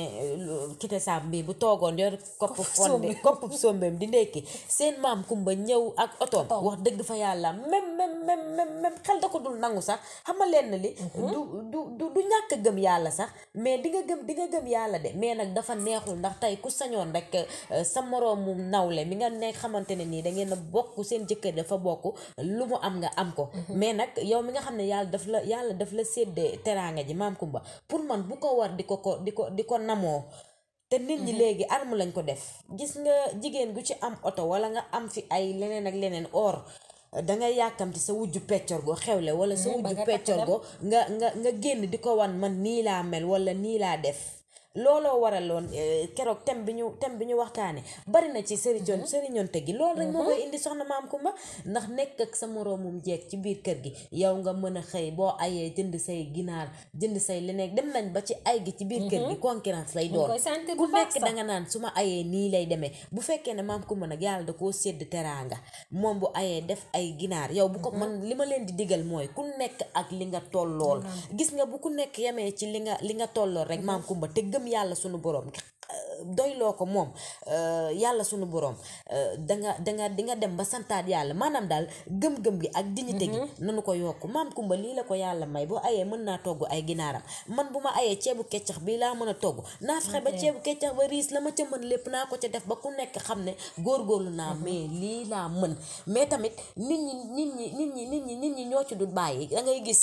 kite saab bi bu toogoon yor. kopp fonde kopp sombeem di ndekki seen maam Kumba ñëw ak otoom. wax dëgg fa yàlla même même même même xel da ko dul nangu sax xama leen li. Mhm. du du du ñàkk gëm yàlla sax mais di nga gëm di nga gëm yàlla de mais nag dafa neexul ndax tey ku sañoon rek euh, sa moroomu nawle mi nga nekk xamante ne nii da ngeen bokk seen jëkkër dafa bokk lu mu am nga am ko. Mhm. mais nag yow mi nga xam ne yàlla daf la yàlla daf la séddee teraanga ji maam Kumba pour man bu ko war di ko ko di ko di ko namoo. te nit ñi mhm. léegi arme lañ ko def. gis nga jigéen gu ci am oto wala nga am fi ay leneen ak leneen oor dangay yàkkamti sa wujju peccor go xewle wala sa mm, wujju peccor go nga nga nga génn di ko wan man nii laa mel wala nii laa def looloo waral waraloon eh, keroog thème bi ñu thème bi ñu waxtaane bari na ci sëriñoon mhm. sëriñoonte gi loolu rek moo mhm. koy indi soxna maam Kumba ndax nekk ak sa moroomum jeeg ci biir kër gi yow nga mën a xëy boo ayee jënd say ginaar jënd say leneen dem nañ ba ci ay gi ci biir kër gi mhm. concurrence lay doon ku nekk danga naan su ma ayee nii lay demee bu fekkee ne maam Kumba nag yàlla da koo sédd teraanga moom bu ayee def ay ginaar yow bu ko man li ma leen di digal mooy ku nekk ak li nga tollool gis nga bu ku nekk yemee ci li nga li tollool rek maam Kumba tëgg ngëm yàlla sunu borom Euh, doyloo ko moom euh, yàlla sunu borom euh, danga danga di nga dem ba santaat yàlla maanaam daal gëm-gëm gi ak dignité gi mm-hmm. nanu ko yokk maam kumba lii la ko yàlla may bu ayee mën naa togg ay ginaaram man bu ma ayee ceebu keccax bi laa mën a togg naa ba ceebu keccax ba la ma ca mën lépp naa ko ca def ba ku nekk xam ne góorgóorlu naa mm-hmm. mais lii laa mën mais tamit nit ñi nit ñi nit ñi nit ñi nit ñi ñoo ci du bàyyi da ngay gis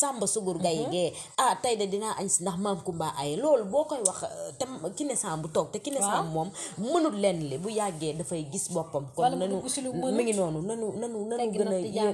sàmba sugur gay mm-hmm. gee ah tey de dinaa añ si ndax maam kumba ayee loolu boo koy wax ki ne sam bu toog te ki ne sam moom mënul lenn li bu yàggee dafay gis boppam kon nanu mi ngi noonu nanu nanu nanu gën a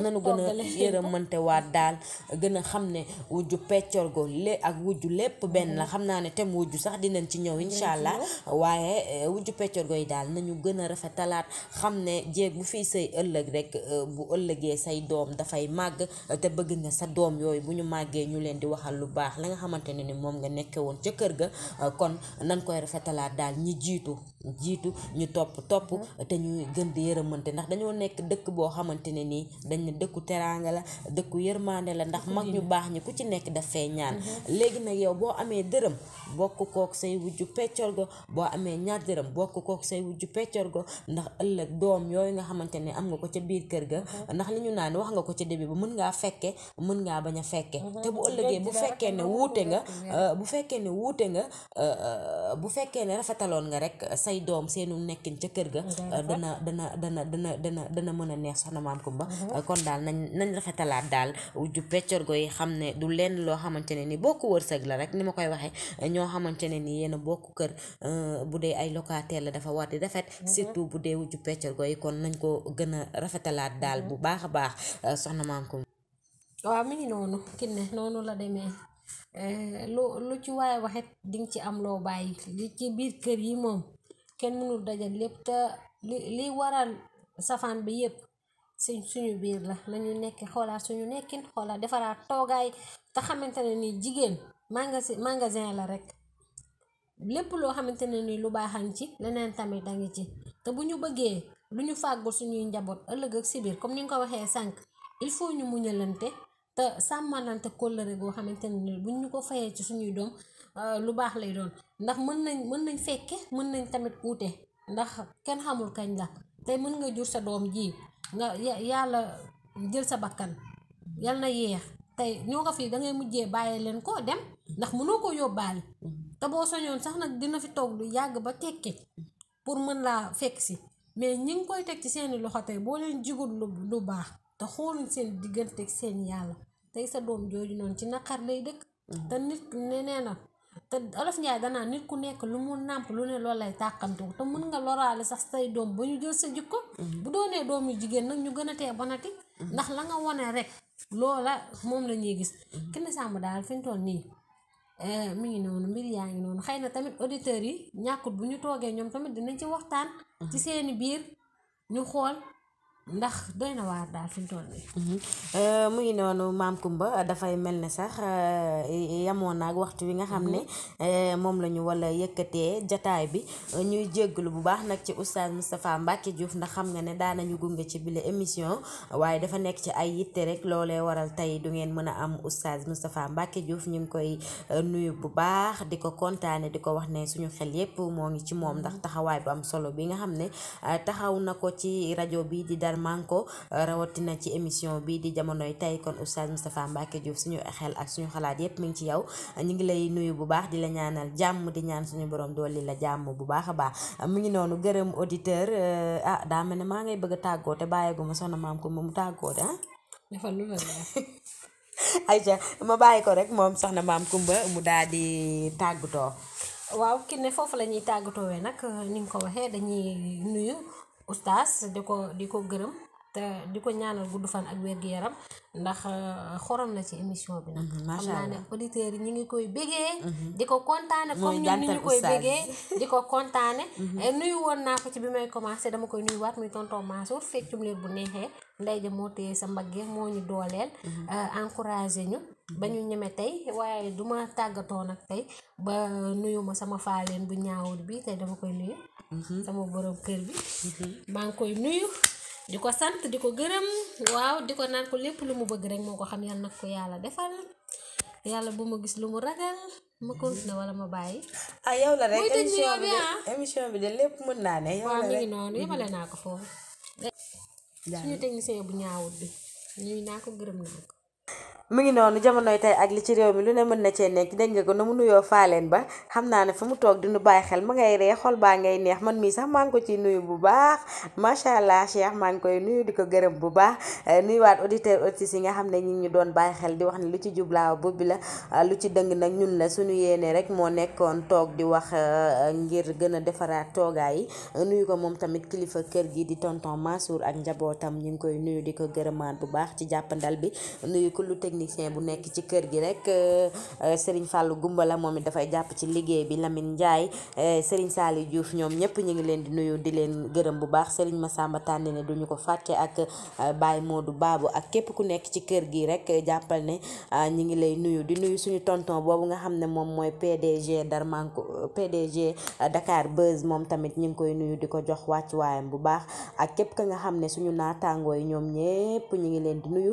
nanu gën a yërëmante waat daal gën a xam ne wujju peccorgo lé ak wujju lépp benn la xam naa ne tem wujju sax dinañ ci ñëw incha allah waaye eh, wujju peccorgo yi daal nañu gën a rafetalaat xam ne jéeg bu fiy say ëllëg rek eh, bu ëllëgee say doom dafay màgg te bëgg nga sa doom yooyu bu ñu màggee ñu leen di waxal lu baax la nga xamante ne ni moom nga nekkee woon ca kër ga eh, kon nan koy rafetalaat daal ñi jiitu jiitu ñu topp topp mm-hmm. te ñuy gën di yërëmante ndax dañoo nekk dëkk boo xamante ne ne dëkku teraanga la dëkku yërmande la ndax mag ñu baax ñi ku ci nekk daf fee ñaan mm-hmm. léegi nag yow boo amee dërëm bokk kook say wujju peccor go boo amee ñaar dërëm bokk kook say wujju peccor go ndax ëllëg doom yooyu nga xamante ne am nga ko ca biir kër ga mm-hmm. ndax li ñu naan wax nga ko ca début ba mun ngaa fekke mën ngaa bañ a fekke mm-hmm. te bu ëllëgee euh, bu fekkee ne wuute nga bu fekkee ne wuute nga bu fekkee ne rafetaloon nga rek say doom seenu nekkin ca kër ga euh, dana dana dana dana dana dana mën a neex soxna kon daal nañ nañ rafetalaat daal ju peccorgo yi xam ne du lenn loo xamante ne ni bokk wërsëg la rek ni ma koy waxe ñoo xamante ne ni yéen a bokk kër euh, bu dee ay locataire la dafa war di rafet mm-hmm. surtout bu dee wujju peccorgo yi kon nañ ko gën a rafetalaat daal mm-hmm. bu baax a baax euh, soxna maam ko waaw mi ngi noonu kinne noonu la demee euh, lu lu ci waaye waxet dinga ci am loo bàyyi li ci biir kër yi moom kenn mënul dajal lépp te li li waral safaan bi yépp si suñu biir la nañu nekk xoolaat suñu nekkin xoolaat defaraat toogaay te xamante ne ni jigéen magasin magasin la rek lépp loo xamante ne nii lu baaxan ci leneen tamit a ngi ci te bu ñu bëggee lu ñu fàggul suñuy njaboot ëllëg ak si comme ni nga ko waxee sànq il faut ñu muñalante te sàmmanante kóllëre goo xamante ne nii bu ñu ko fayee ci suñuy doom euh, lu baax lay doon ndax mën nañ mën nañ fekke mën nañ tamit wuute ndax kenn xamul kañ la tey mën nga jur sa doom ji nga yàlla jël sa bakkan yal na yéex tey ñoo ko fii da ngay mujjee bàyyi leen ko dem ndax mënoo ko yóbbaale te boo soñoon sax nag dina fi toog lu yàgg ba tekki pour mën laa fekk si mais ñi ngi koy teg ci seeni loxo tey boo leen jigul lu lu baax te xooluñ seen diggante ak seen yàlla tey sa doom jooju noonu ci naqar lay dëkk mm. te nit ne nee na te olof Njaay danaa nit ku nekk lu mu nàmp lu ne loolu lay tàqamtiku te mën nga loraale sax say doom ba ñu jël sa jikko mhm. bu doonee doom yu jigéen nag ñu gën a tee bonati mhm. ndax la nga wone rek loola moom la ñuy gis mhm. Kiné sàmm daal fi mu nii eh, mi ngi noonu mbir yaa ngi noonu xëy na tamit auditeurs yi ñàkkut bu ñu toogee ñoom tamit dinañ ci waxtaan ci seeni biir ñu xool ndax doy na waar daal fi mu toll nii. Mhm. Euh, mu ngi noonu maam Kumba dafay mel ne sax euh, yamoon naag waxtu wi nga xam ne euh, moom la ñu wala yëkkatee jataay bi ñuy jégalu bu baax nag ci oustaz Moustapha Mbacke Diouf ndax xam nga ne daanañu gunge ci bile émission waaye dafa nekk ci ay yitte rek loolee waral tey du ngeen mën a am oustaz Moustapha Mbacke Diouf ñu ngi koy nuyu bu baax di ko kontaane di ko wax ne suñu xel yépp moo ngi ci moom ndax taxawaay bu am solo bi nga xam ne taxaw na ko ci rajo bi di dar manko rawatina ci émission bi di jamonoy tey kon oustaz Moustapha Mbacke Diouf suñu xel ak suñu xalaat yépp mi ngi ci yow ñu ngi lay nuyu bu baax di la ñaanal jàmm di ñaan suñu borom dolli la jàmm bu baax a baax mu ngi noonu gërëm auditeur euh, ah daa mel ne maa ngay bëgg a tàggoo te bàyyeegu ma soxna maam ko mu tàggoo de ah. dafa lu la ayca ma bàyyi ko rek moom soxna maam Kumba mu daal di tàggatoo. waaw ki ne foofu la ñuy tàggatoo nag euh, ni nga ko waxee dañuy nuyu. oustaz di ko di ko gërëm te di ko ñaanal gudd fan ak wér gi yaram ndax euh, xorom na ci émission bi nag mhm, xam naa ne auditeurs yi ñu ngi koy bégee mhm. di ko kontaane comme ñun ni ñu koy bégee di ko kontaane mhm. eh, nuyu woon naa ko ci bi may commencé dama koy nuyu waat muy tonton Mansour feccum leen bu neexee ndey moo téye sa mbaggee moo ñu dooleel euh, encouragé ñu ba ñu ñeme tey waaye duma tàggatoo nag tey ba nuyu ma sama faaleen bu ñaawul bi tey dama koy nuyu sama borom kër bi maa ngi koy nuyu di ko sant di ko gërëm waaw di ko naan ko lépp lu mu bëgg rek moo ko xam yàlla nag ko yàlla defal yàlla bu ma gis lu mu ragal ma continué wala ma bàyyi. ah yow la rek émission bi de ah. émission bi de lépp mën naa ne. yow la rek waaw mi naa ko foofu. suñu technicien bu ñaawut bi ñuy naa ko gërëm naa ko. mu ngi noonu jamonoy tey ak li ci réew mi lu ne mën na cee nekk dañ ko na mu nuyoo faaleen ba xam naa ne fa mu toog di nu bàyyi xel ma ngay ree xol baa ngay neex man mii sax maa ngi ko ciy nuyu bu baax macha allah cheikh maa ngi koy nuyu di ko gërëm bu baax eh, nuyuwaat auditeur auditrices yi nga xam ne ñi ñu doon bàyyi xel di wax ne lu ci jublaaw bi la eh, lu ci dëng nag ñun la suñu yéene rek moo nekkoon toog di wax eh, ngir gën a defaraat toogaay yi nuyu ko moom tamit kilifa kër gi di tonton Mansour ak njabootam ñu ngi koy nuyu di ko gërëmaat bu baax ci jàppandal bi kullu technicien bu nekk ci kër gi rek euh, euh, Serigne gumba la moom it dafay jàpp ci liggéey bi Lamine Ndiaye euh, Serigne saali Diouf ñoom ñëpp ñu ngi leen di nuyu di leen gërëm bu baax Serigne Massamba Tànne ne duñu ko fàtte ak Baye Modou Babu ak képp ku nekk ci kër gi rek jàppal ne ñu ngi lay nuyu di nuyu suñu tonton boobu nga xam ne moom mooy PDG Darmanko PDG Dakar Buzz moom tamit ñu ngi koy nuyu di ko jox wàcc waayam bu baax ak yi ñoom ñu ngi leen di nuyu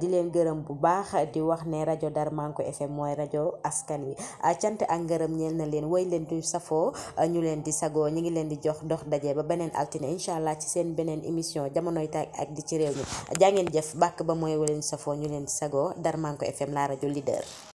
di leen gërëm bu baax di wax ne rajo Darmanko FM mooy rajo askan wi cant ak ngërëm ñeel na leen way leen du safoo ñu leen di sagoo ñu ngi leen di jox dox daje ba beneen altine incha allah ci seen beneen émission jamonoy taag ak di ci réew mi jaa jëf bàkk ba mooy waleen safoo ñu leen di sagoo Darmanko FM la rajo leader